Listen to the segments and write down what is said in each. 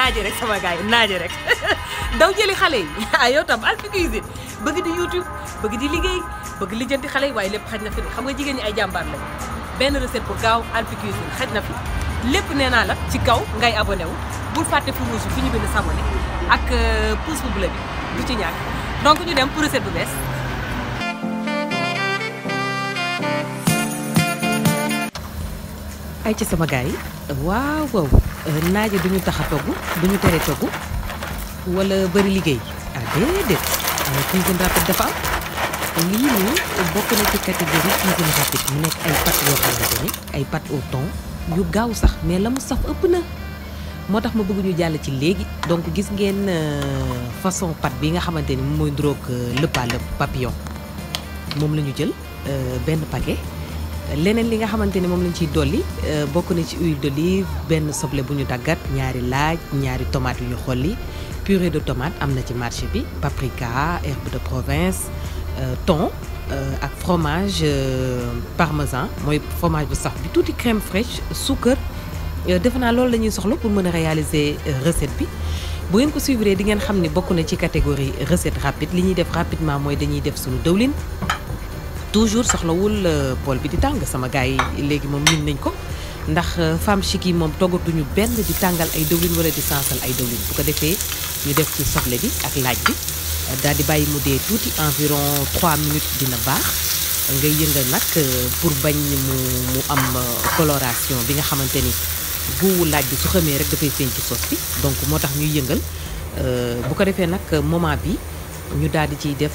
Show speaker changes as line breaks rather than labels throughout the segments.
naaje rek sama gars yi naaje rek ndaw jëli xale yi ah yow tam Alphie Cuisine bëgg di YouTube bëgg di liggéey bëgg lijjanti xale yi waaye lépp xaj na fi xam nga jigéen ñi ay jàmbaar benn recette pour gaaw Alphie na fi lépp nee naa la ci kaw ngay abonné wu bul fàtte fi rouge fi ñu bind s'abonné ak euh, pouce bu bleu bi du ci ñàkk donc ñu dem pour recette bu bees ay ci sama waaw waaw Euh, naaje du ñu tax a togg du ñu tere togg wala bëri liggéey ah déedéet cuisine rapide dafa am lii nii bokk na ci catégorie cuisine rapide mu nekk ay pâtes yoo ay pâtes au yu gaaw sax mais la mu saf ëpp na moo tax ma bëgg ñu jàll ci léegi donc gis ngeen euh, façon pâte bi nga xamante ni mooy ndroog euh, lëppaa lëpp papillon moom la jël benn paquet leneen li nga xamante ni moom lañ ciy dolli euh, bokk na ci huile d'olive benn soble bu ñu daggat ñaari laaj ñaari tomate yu ñu xolli purée de tomate am na ci marché bi paprika herbe de province euh, thon euh, ak fromage parmesan mooy fromage bu sax bi tuuti crème fraîche suukar defe naa lool la ñuy soxla pour mën a réaliser recette bi bu ngeen ko suivre di ngeen xam ne bokk na ci catégorie recette rapide li ñuy def rapidement mooy dañuy def suñu dëwlin toujours soxlawul bool euh, bi di tàng sama gars yi léegi moom min nañ ko ndax euh, femme chic yi moom toggatuñu benn di tàngal ay dëwlin wala di sansal ay dëwlin bu ko defee ñu def ci soble bi ak laaj bi daal di bàyyi mu dee tuuti environ 3 minutes dina baax ngay yëngal nag euh, pour bañ mu mu am coloration bi nga xamante ni guuwu laaj bi su xamee rek dafay feeñ ci sos bi donc moo tax ñuy yëngal bu ko defee nag moment bi ñu daal di ciy def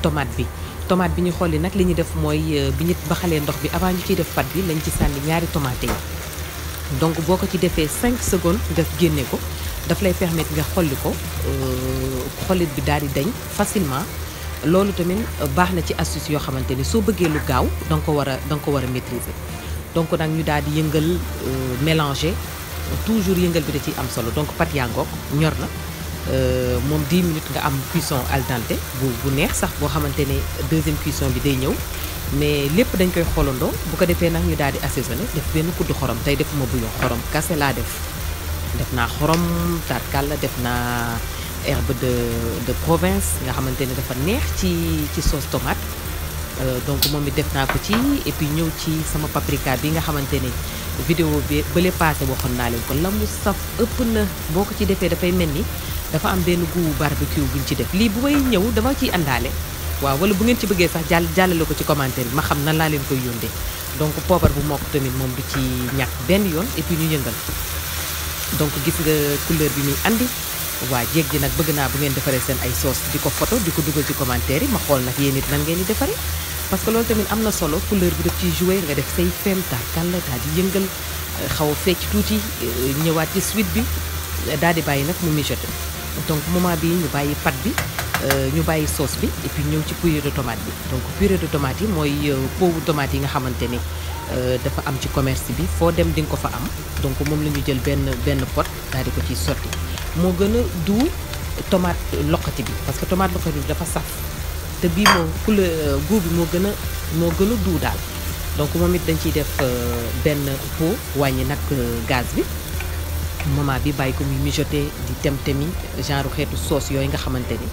tomate bi tomate bi ñu xolli nag li ñu def mooy euh, bi ñu baxalee ndox bi avant ñu ciy def pat bi lañ ci sànni ñaari tomate yi donc boo ko ci defee 5 secondes nga génne ko daf lay permettre nga xolli ko euh, xollit bi daal di dañ facilement loolu tamit euh, baax na ci astuce yoo xamante ni soo bëggee lu gaaw da ko war a da ko war a maîtriser donc nag ñu daal di yëngal mélanger toujours yëngal bi da ciy am solo donc pat yaa ngoog ñor na Euh, moom 10 minutes nga am cuisson al dente bu bu neex sax boo xamante ne deuxième cuisson bi day ñëw mais lépp dañ koy xoolandoo bu ko defee nag ñu daal di assaisonné def benn kuddu xorom tey defuma bouillon xorom kase laa def def naa xorom tarkalla def naa herbe de de province nga xamante ne dafa neex ci ci sauce tomate euh, donc moom it def naa ko ci et puis ñëw ci sama paprika bi nga xamante ne vidéo bi bële paase waxoon naa leen ko la mu saf ëpp na boo ko ci defee dafay mel ni dafa am benn goût barbecue buñ ci def lii bu may ñëw dama ciy àndaale waaw wala bu ngeen ci bëggee sax jàll jàllale ko ci commentaire bi ma xam nan laa leen koy yóndee donc poobar bu mokk tamit moom du ci ñàkk benn yoon et ñu yëngal donc gis nga couleur bi muy andi waa jéeg ji nag bëgg naa bu ngeen defaree seen ay soos di ko photo di ko dugal ci commentaire yi ma xool nag yéen it nan ngeen di defaree parce que loolu tamit am na solo couleur bi daf ciy joué nga def say fem tar kàlla daal di yëngal xaw a fecc tuuti ñëwaat ci suite bi daal di bàyyi nag mu mijote donc moment bi ñu bàyyi pat bi euh, ñu bàyyi soos bi et puis ñëw ci purée de tomate bi donc purée de yi mooy euh, poowu tomate yi nga xamante ni euh, dafa am ci commerce bi foo dem di ko fa am donc moom la ñu jël benn benn pot daal ko ciy sotti moo gën a du tomate loqati bi parce que tomate loqati bi dafa saf te bii moom couleur bi moo gën a moo gën a du daal donc moom it dañ ciy def benn pot wàññi nag gaz bi moment bi bàyyi ko mu mijoter di temtemi genre xeetu soos yooyu nga xamante ni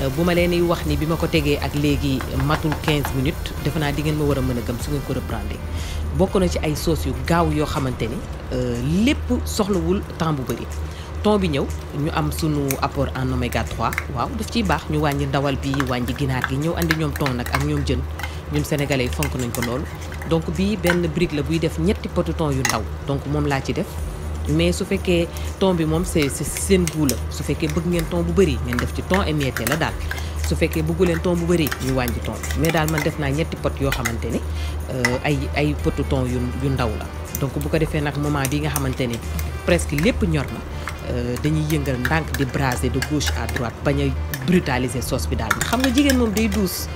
euh, bu ma leen di wax ni bi ma ko tegee ak léegi matul 15 minutes defe naa di ngeen ma war a mën a gëm su ngeen ko reprendre bokk na ci ay soos yu gaaw yoo xamante ni euh, lépp soxlawul temps bu bëri ton bi ñëw ñu am sunu apport en oméga 3 waaw daf ciy baax ñu wàññi ndawal bi wàññi ginaar gi ñëw indi ñoom ton nag ak ñoom jën ñun sénégalais yi fonk nañ ko loolu donc bii benn brique la buy def ñetti potu yu ndaw donc moom laa ci def mais su fekkee ton bi moom c'est seen goût su fekkee bëgg ngeen ton bu bëri ngeen def ci ton émietté la daal su fekkee bëgguleen leen ton bu bëri ñu wàññi ton mais daal man def naa ñetti pot yoo xamante ne euh, ay ay potu ton yu yu ndaw la donc bu ko defee nag moment bi nga xamante ne presque lépp ñor na euh, dañuy yëngal ndànk di brasé de gauche à droite bañ a brutaliser sauce bi daal xam nga jigéen moom day duus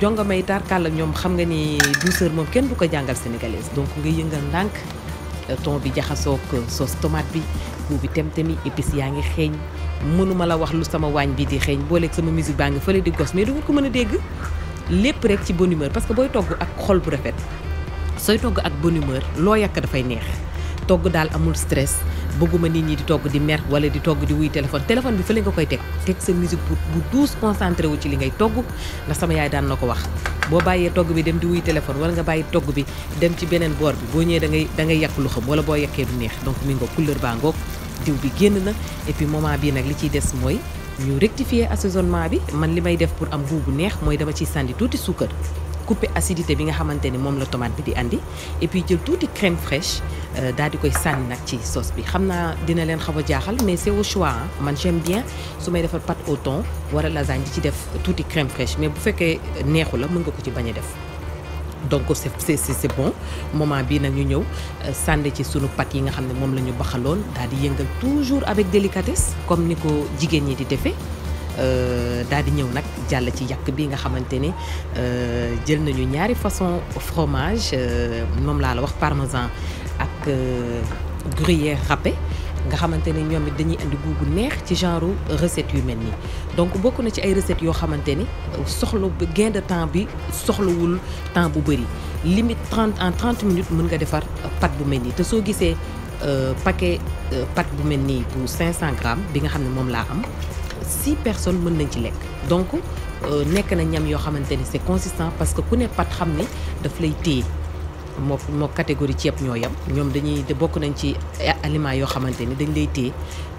jonga may tarkalla ñoom xam nga ni douceur moom kenn du ko jàngal sénégalaise donc nga yëngal ndànk ton bi jaxasoo ak sauce tomate bi goût bi tem-temi épices yaa ngi xeeñ mënuma la wax lu sama waañ bi di xeeñ booleeg sama musique baa ngi fële di gos mais du ko mën a dégg lépp rek ci bonne humeur parce que booy togg ak xol bu rafet sooy togg ak bonne humeur loo yàkk dafay neex togg daal amul stress bëgguma nit ñi di togg di mer wala di togg di wuy téléphone téléphone bi fële ko koy teg teg sa musique bu bu tous concentré wu ci li ngay togg ndax sama yaay daan na ko wax boo bàyyee togg bi dem di wuy téléphone wala nga bàyyi togg bi dem ci beneen boor bi boo ñëwee da ngay da ngay yàq lu xam wala boo yàqee du neex donc mi nga couleur baa ngoog diw bi génn na et puis moment bii nag li ciy des mooy ñu rectifier assaisonnement bi man li may def pour am goût bu neex mooy dama ciy sànni tuuti suukar couper acidité bi nga xamante ni moom la tomate bi di andi et puis jël tuuti crème fraîche euh, daal di koy sànni nag ci sauce bi xam naa dina leen xaw a jaaxal mais c'est au choix man j'aime bien su may defar pâte au thon wala ci def tuuti crème fraîche mais bu fekkee neexu la mën nga ko ci bañ a def. donc c'est c'est bon moment bii nag ñu ñëw euh, sànni ci sunu pâte yi nga xam ne moom la ñu baxaloon daal di yëngal toujours avec délicatesse comme ni ko jigéen ñi di defee. Euh, daal di ñëw nag jàll ci yàq bi nga xamante ni euh, jël nañu ñaari façon fromage euh, moom laa la wax parmesan ak gruyère râpé nga xamante ne ñoom it dañuy indi guugu neex ci genre recette yu mel nii donc bokk na ci ay recettes yoo xamante ni soxla gain de temps bi soxlawul temps bu bëri limite 30 en 30 minutes mën nga defar pâte bu mel nii te soo gisee paquet pâte bu mel nii bu 500 grammes bi nga xam ne moom laa am six personnes mën nañ ci lekk donc euh, nekk na ñam yoo xamante ni c'est consistant parce que ku ne pat xam ne daf lay téye moo moo catégorie yëpp ñoo yam ñoom dañuy bokk nañ ci aliments yoo xamante ni dañ lay téye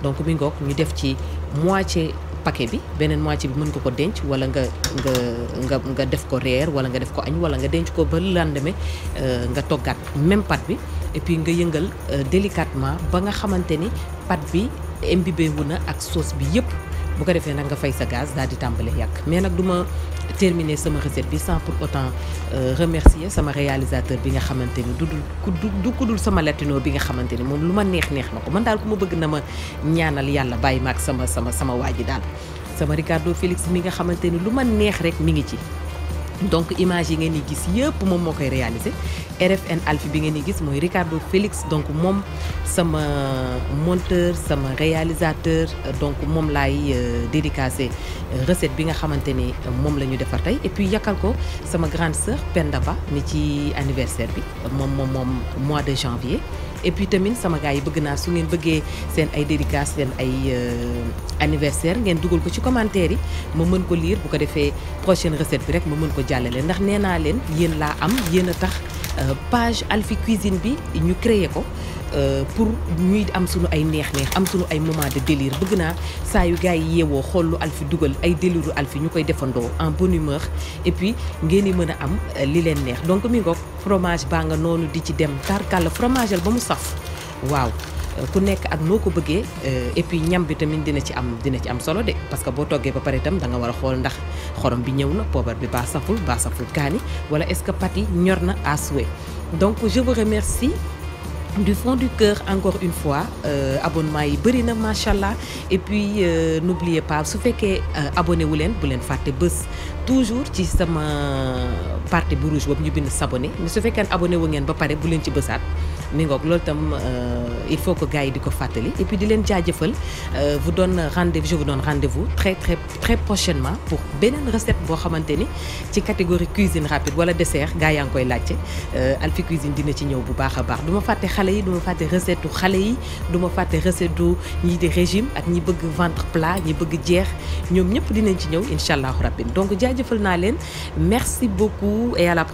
donc mi ngoog ñu def ci moitié paquet bi beneen moitié bi mën nga ko denc wala nga nga nga nga def ko reer wala nga def ko añ wala nga denc ko ba lendemain euh, nga toggaat même pat bi et puis nga yëngal euh, délicatement ba nga xamante ni pat bi imbibé wu na ak sauce bi yépp bu ko defee nag nga fay sa gaz daa di tàmbale yàq mais nag du ma sama recette bi sans pour autant euh, remercier sama réalisateur bi nga xamante ni du dul du kudul sama latino bi nga xamante ni moom lu ma neex neex na ko man daal ku ma bëgg na ma ñaanal yàlla bàyyi ma ak sama sama sama waa ji daal sama Ricardo Félix mi nga xamante ni lu ma neex rek mi ngi ci donc image yi ngeen di gis yëpp moom moo koy réalisé RFN Alpha bi ngeen di gis mooy Ricardo Félix donc moom sama monteur sama réalisateur donc moom laay euh, dédicacé euh, recette bi nga xamante ni euh, moom la ñu defar tey et puis yàkkal ko sama grande sœur Penda Ba ni ci anniversaire bi moom moom moom mois de janvier et puis tamit sama gars yi bëgg naa su ngeen bëggee seen ay dédicace seen ay euh, anniversaire ngeen dugal ko ci commentaire yi ma mën ko liir bu ko defee prochaine recette bi rek ma mën ko jàllale ndax nee naa leen yéen laa am yéen a tax euh, page Alphie Cuisine bi ñu créer ko Euh, pour ñuy am sunu ay neex-neex am sunu ay moment de délire bëgg naa saa yu gars yi yeewoo xoolu lu Alphie dugal ay déliru Alphie ñu koy defandoo en bonne humeur et puis ngeen di mën a am euh, li leen neex donc mi ngoog fromage baa nga noonu di ci dem tarkal fromage ba mu saf waaw. Euh, ku nekk ak noo ko bëggee et puis ñam bi tamit dina ci am dina ci am solo de parce que boo toggee ba pare itam da nga war a xool ndax xorom bi ñëw na poobar bi baa saful baa saful kaani wala est-ce que pâte ñor na à souhait du fond du cœur encore une fois euh, abonnement yi bëri na macha allah et puis euh, n'oubliez pas su fekkee euh, abonné wu leen bu leen fàtte bés toujours ci sama partie bu rouge boobu ñu bind s'abonner mais su fekkee abonné wu ngeen ba pare bu leen ci bësaat. mi ngoog loolu itam euh, il faut que gars yi di ko fàttali et di leen jaajëfal euh, vous donne rendez-vous je vous donne rendez-vous très très prochainement pour beneen recette boo xamante ni ci catégorie cuisine rapide wala dessert gars yaa ngi koy laajte euh, Alphie Cuisine dina ci ñëw bu baax a baax du ma fàtte xale yi du ma fàtte recette xale yi du ma fàtte recette u ñi di régime ak ñi bëgg ventre plat ñi bëgg jeex ñoom ñëpp dinañ ci ñëw incha allahu rabbin donc jaajëfal naa leen merci beaucoup et à